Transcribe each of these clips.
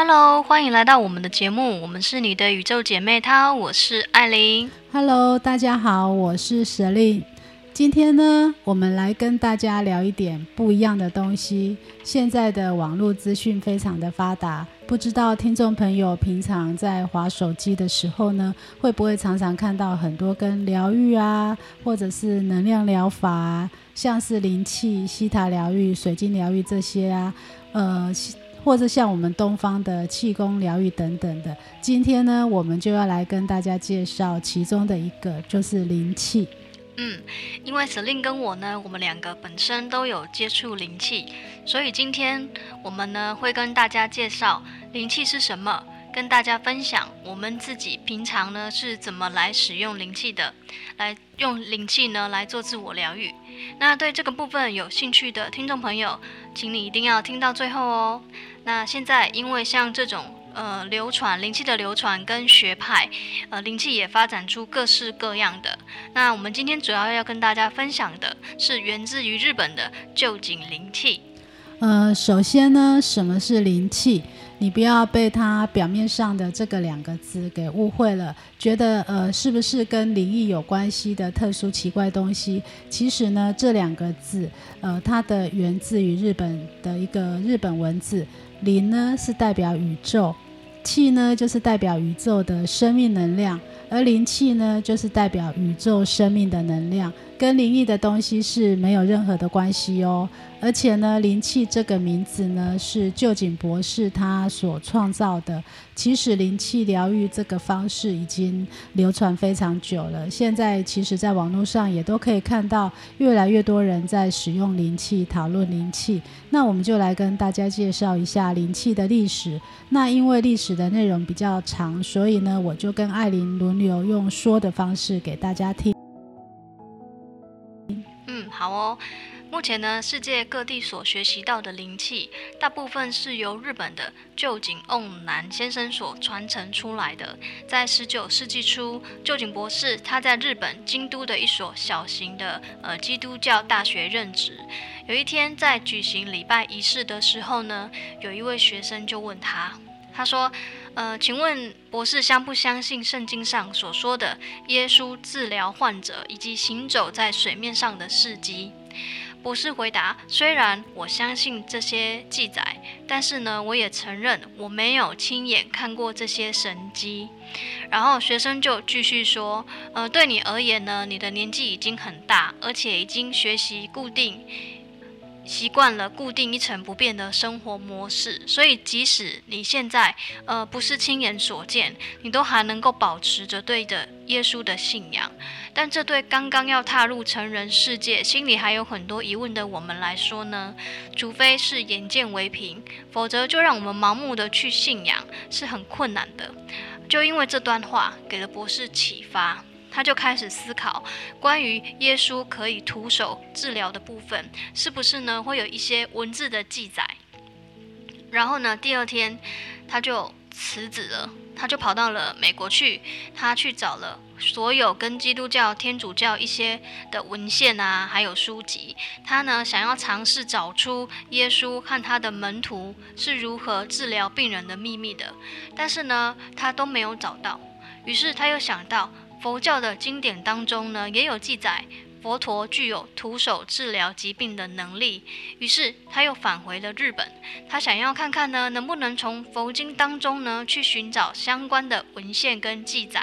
Hello，歡迎來到我們的節目。我們是你的宇宙姐妹她，她我是艾琳。Hello，大家好，我是 Selina。今天呢，我們來跟大家聊一點不一樣的東西。現在的網絡資訊非常的發達，不知道聽眾朋友平常在滑手機的時候呢，會不會常常看到很多跟療癒啊，或者是能量療法啊，像是靈氣、西塔療癒、水晶療癒這些啊，呃。或者像我們東方的氣功療癒等等的，今天呢，我們就要來跟大家介紹其中的一個，就是靈氣。嗯，因為 Seline 跟我呢，我們兩個本身都有接觸靈氣，所以今天我們呢會跟大家介紹靈氣是什麼，跟大家分享我們自己平常呢是怎麼來使用靈氣的，來用靈氣呢來做自我療癒。那對這個部分有興趣的聽眾朋友，請你一定要聽到最後哦。那現在，因為像這種呃流傳靈氣的流傳跟學派，呃靈氣也發展出各式各樣的。那我們今天主要要跟大家分享的是源自於日本的臼井靈氣。呃，首先呢，什麼是靈氣？你不要被它表面上的這個兩個字給誤會了，覺得呃是不是跟靈異有關係的特殊奇怪東西？其實呢，這兩個字，呃，它的源自於日本的一個日本文字。靈呢是代表宇宙，氣呢就是代表宇宙的生命能量，而靈氣呢就是代表宇宙生命的能量。跟靈異的東西是沒有任何的關係哦，而且呢，靈氣這個名字呢是臼井博士他所創造的。其實靈氣療癒這個方式已經流傳非常久了，現在其實，在網絡上也都可以看到越來越多人在使用靈氣、討論靈氣。那我們就來跟大家介紹一下靈氣的歷史。那因為歷史的內容比較長，所以呢，我就跟艾琳輪流用說的方式給大家聽。好哦，目前呢，世界各地所學習到的靈氣，大部分是由日本的臼井甕男先生所傳承出來的。在十九世紀初，臼井博士他在日本京都的一所小型的呃基督教大學任職。有一天在舉行禮拜儀式的時候呢，有一位學生就問他，他說，呃，請問博士相不相信聖經上所說的耶穌治療患者以及行走在水面上的事蹟？博士回答：雖然我相信這些記載，但是呢，我也承認我沒有親眼看過這些神蹟。然後學生就繼續說：呃，對你而言呢，你的年紀已經很大，而且已經學習固定。習慣了固定一成不變的生活模式，所以即使你現在呃不是親眼所見，你都還能夠保持着對着耶穌的信仰。但這對剛剛要踏入成人世界、心裡還有很多疑問的我們來說呢，除非是眼見為憑，否則就讓我們盲目的去信仰是很困難的。就因為這段話給了博士啟發。他就開始思考，關於耶穌可以徒手治療的部分是不是呢，會有一些文字的記載。然後呢，第二天他就辭職了，他就跑到了美國去。他去找了所有跟基督教、天主教一些的文獻啊，還有書籍。他呢，想要嘗試找出耶穌和他的門徒是如何治療病人的秘密的，但是呢，他都沒有找到。於是他又想到。佛教的經典當中呢，也有記載佛陀具有徒手治療疾病的能力。於是他又返回了日本，他想要看看呢，能不能從佛經當中呢去尋找相關的文獻跟記載。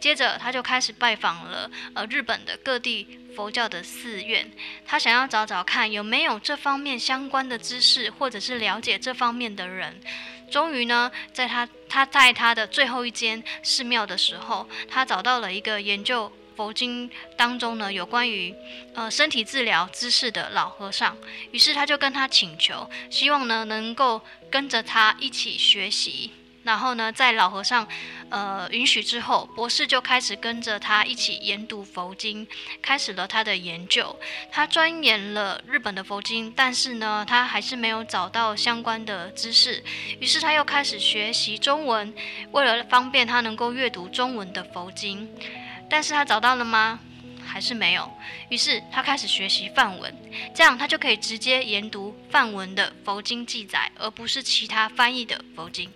接着他就開始拜訪了呃日本的各地佛教的寺院，他想要找找看有沒有這方面相關的知識，或者是了解這方面的人。終於呢，在他他在他的最後一間寺廟的時候，他找到了一個研究佛經當中呢，有關於呃身體治療知識的老和尚，於是他就跟他請求，希望呢能夠跟着他一起學習。然後呢，在老和尚，呃，允許之後，博士就開始跟着他一起研讀佛經，開始了他的研究。他鑽研了日本的佛經，但是呢，他還是沒有找到相關的知識。於是他又開始學習中文，為了方便他能夠閱讀中文的佛經。但是他找到了嗎？還是沒有。於是他開始學習梵文，這樣他就可以直接研讀梵文的佛經記載，而不是其他翻譯的佛經。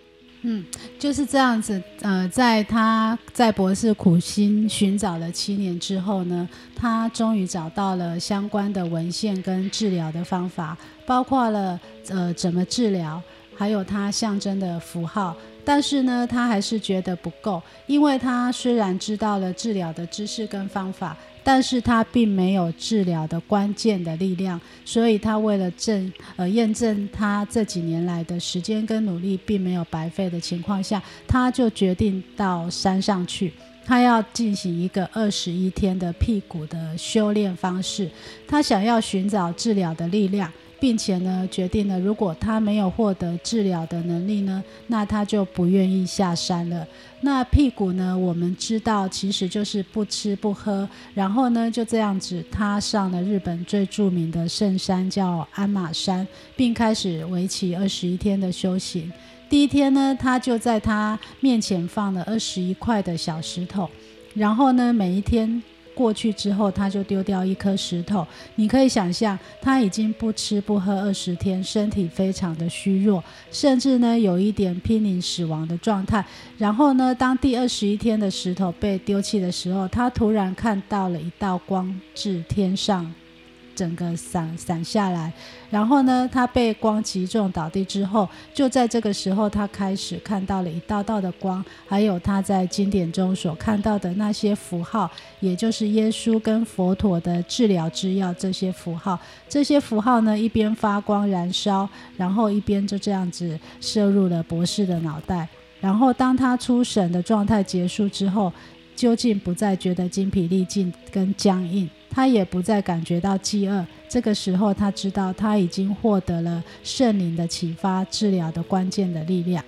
嗯，就是這樣子。呃，在他在博士苦心尋找了七年之後呢，他終於找到了相關的文獻跟治療的方法，包括了呃怎麼治療，還有他象徵的符號，但是呢，他還是覺得不夠，因為他雖然知道了治療的知識跟方法，但是他並沒有治療的關鍵的力量，所以他為了證呃驗證他這幾年來的時間跟努力並沒有白費的情況下，他就決定到山上去，他要進行一個二十一天的辟穀的修煉方式，他想要尋找治療的力量。並且呢，決定了如果他沒有獲得治療的能力呢，那他就不願意下山了。那辟穀呢，我們知道其實就是不吃不喝，然後呢，就這樣子，他上了日本最著名的聖山，叫鞍馬山，並開始為期二十一天的修行。第一天呢，他就在他面前放了二十一塊的小石頭，然後呢，每一天。過去之後，他就丟掉一顆石頭。你可以想象，他已經不吃不喝二十天，身體非常的虛弱，甚至呢有一點瀕臨死亡的狀態。然後呢，當第二十一天的石頭被丟棄的時候，他突然看到了一道光自天上。整個散散下來，然後呢，他被光擊中倒地之後，就在這個時候，他開始看到了一道道的光，還有他在經典中所看到的那些符號，也就是耶穌跟佛陀的治療之藥，這些符號。這些符號呢，一邊發光燃燒，然後一邊就這樣子攝入了博士的腦袋。然後當他出神的狀態結束之後，究竟不再覺得筋疲力盡跟僵硬。他也不再感覺到飢餓，這個時候，他知道他已經獲得了聖靈的啟發，治療的關鍵的力量。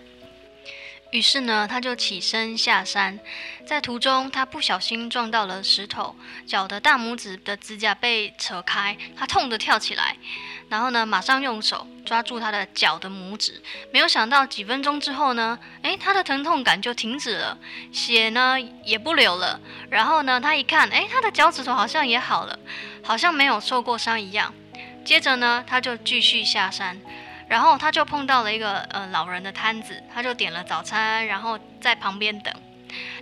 於是呢，他就起身下山，在途中他不小心撞到了石頭，腳的大拇指的指甲被扯開，他痛得跳起來，然後呢，馬上用手抓住他的腳的拇指，沒有想到幾分鐘之後呢，誒，他的疼痛感就停止了，血呢也不流了，然後呢，他一看，誒，他的腳趾頭好像也好了，好像沒有受過傷一樣，接着呢，他就繼續下山。然後他就碰到了一個呃老人的攤子，他就點了早餐，然後在旁邊等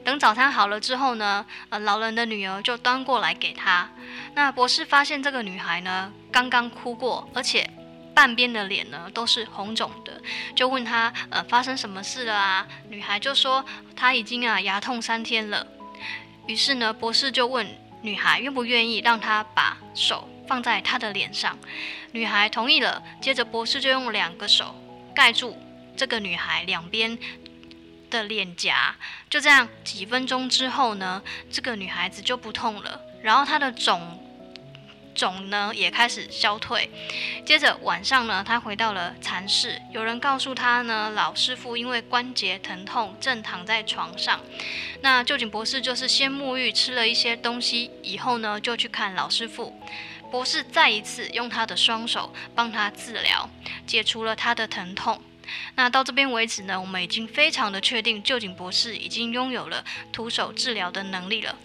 等早餐好了之後呢，呃老人的女兒就端過來給他。那博士發現這個女孩呢剛剛哭過，而且半邊的臉呢都是紅腫的，就問她呃發生什麼事了啊？女孩就說她已經啊牙痛三天了。於是呢，博士就問女孩願不願意讓她把手，放在她的臉上，女孩同意了。接着，博士就用兩個手蓋住這個女孩兩邊的臉頰。就這樣，幾分鐘之後呢，這個女孩子就不痛了，然後她的腫腫呢也開始消退。接着晚上呢，她回到了禪室，有人告訴她呢，老師傅因為關節疼痛正躺在床上。那臼井博士就是先沐浴，吃了一些東西以後呢，就去看老師傅。博士再一次用他的雙手幫他治療，解除了他的疼痛。那到這邊為止呢，我們已經非常的確定，臼井博士已經擁有了徒手治療的能力了。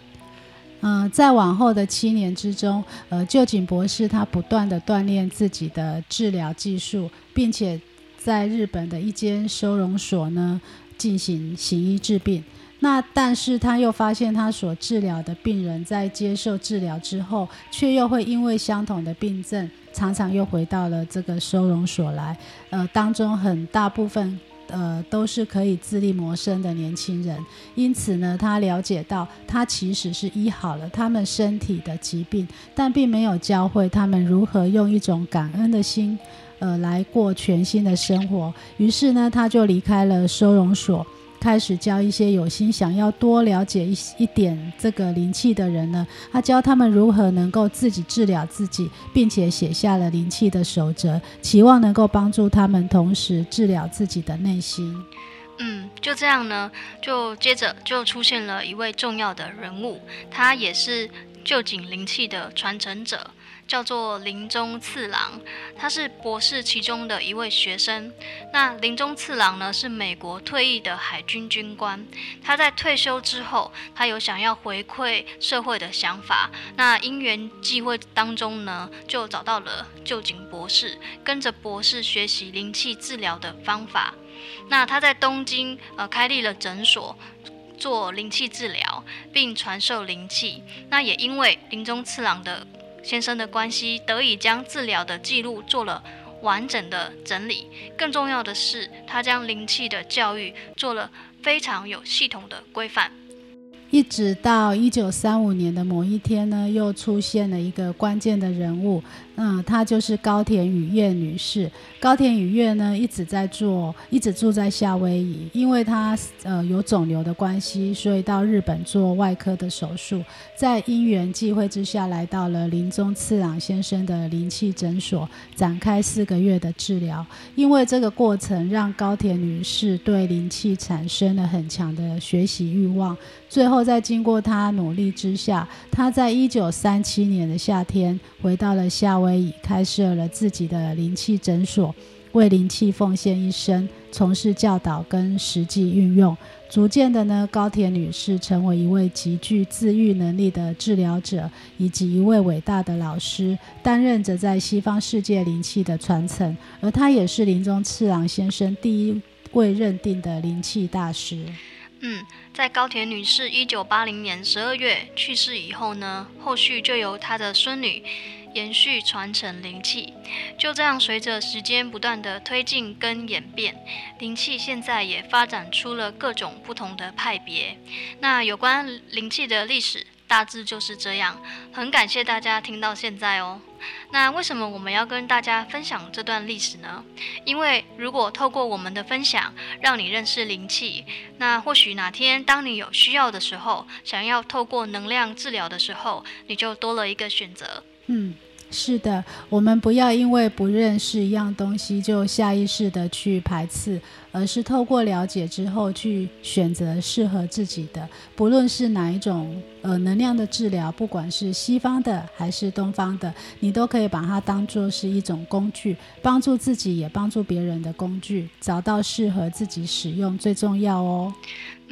嗯、呃，在往後的七年之中，呃，臼井博士他不斷的鍛鍊自己的治療技術，並且在日本的一間收容所呢進行行醫治病。那但是他又發現，他所治療的病人在接受治療之後，卻又會因為相同的病症，常常又回到了這個收容所來。呃，當中很大部分，呃，都是可以自力謀生的年輕人。因此呢，他了解到，他其實是醫好了他們身體的疾病，但並沒有教會他們如何用一種感恩的心，呃，來過全新的生活。於是呢，他就離開了收容所。開始教一些有心想要多了解一一點這個靈氣的人呢，他教他們如何能夠自己治療自己，並且寫下了靈氣的守則，期望能夠幫助他們同時治療自己的內心。嗯，就這樣呢，就接着就出現了一位重要的人物，他也是臼井靈氣的傳承者。叫做林忠次郎，他是博士其中的一位學生。那林忠次郎呢，是美國退役的海軍軍官。他在退休之後，他有想要回饋社會的想法。那因緣際會當中呢，就找到了臼井博士，跟着博士學習靈氣治療的方法。那他在東京呃開立了診所，做靈氣治療，並傳授靈氣。那也因為林忠次郎的。先生的關係得以將治療的記錄做了完整的整理，更重要的是，他將靈氣的教育做了非常有系統的規範。一直到一九三五年的某一天呢，又出現了一個關鍵的人物。嗯，她就是高田雨月女士。高田雨月呢，一直在做，一直住在夏威夷，因為她呃有腫瘤的關係，所以到日本做外科的手術。在因緣際會之下來到了林中次郎先生的靈氣診所，展開四個月的治療。因為這個過程讓高田女士對靈氣產生了很強的學習慾望。最後在經過她努力之下，她在一九三七年的夏天回到了夏威夷。為開設了自己的靈氣診所，為靈氣奉獻一生，從事教導跟實際運用。逐漸的呢，高田女士成為一位極具自癒能力的治療者，以及一位偉大的老師，擔任着在西方世界靈氣的傳承。而她也是林忠次郎先生第一位認定的靈氣大師。嗯，在高田女士一九八零年十二月去世以後呢，後續就由她的孫女。延續傳承靈氣，就這樣，隨着時間不斷的推進跟演變，靈氣現在也發展出了各種不同的派別。那有關靈氣的歷史大致就是這樣。很感謝大家聽到現在哦。那為什麼我們要跟大家分享這段歷史呢？因為如果透過我們的分享，讓你認識靈氣，那或許哪天當你有需要的時候，想要透過能量治療的時候，你就多了一個選擇。嗯，是的，我們不要因為不認識一樣東西就下意識地去排斥，而是透過了解之後去選擇適合自己的，不論是哪一種。呃，能量的治療，不管是西方的還是東方的，你都可以把它當做是一種工具，幫助自己也幫助別人的工具。找到適合自己使用，最重要哦。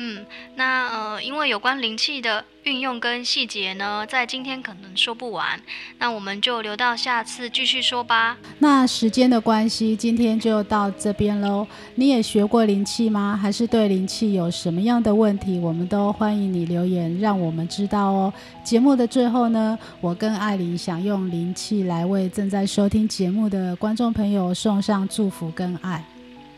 嗯，那呃，因為有關靈氣的運用跟細節呢，在今天可能說不完，那我們就留到下次繼續說吧。那時間的關係，今天就到這邊嘍。你也學過靈氣嗎？還是對靈氣有什麼樣的問題？我們都歡迎你留言，讓我們知道。知道哦。節目的最後呢，我跟艾琳想用靈氣來為正在收聽節目的觀眾朋友送上祝福跟愛。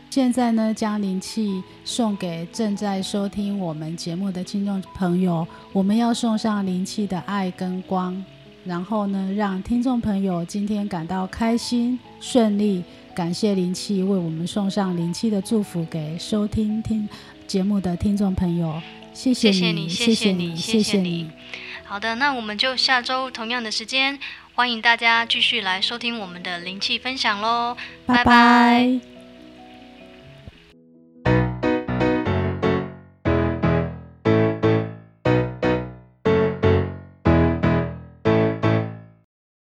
現在呢，將靈氣送給正在收聽我們節目的聽眾朋友，我們要送上靈氣的愛跟光，然後呢，讓聽眾朋友今天感到開心、順利。感謝靈氣為我們送上靈氣的祝福，給收聽聽節目的聽眾朋友謝謝，謝謝你，謝謝你，謝謝你，謝謝你。好的，那我們就下周同樣的時間，歡迎大家繼續來收聽我們的靈氣分享嘍，拜拜。拜拜。